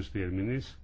τους διερμηνείς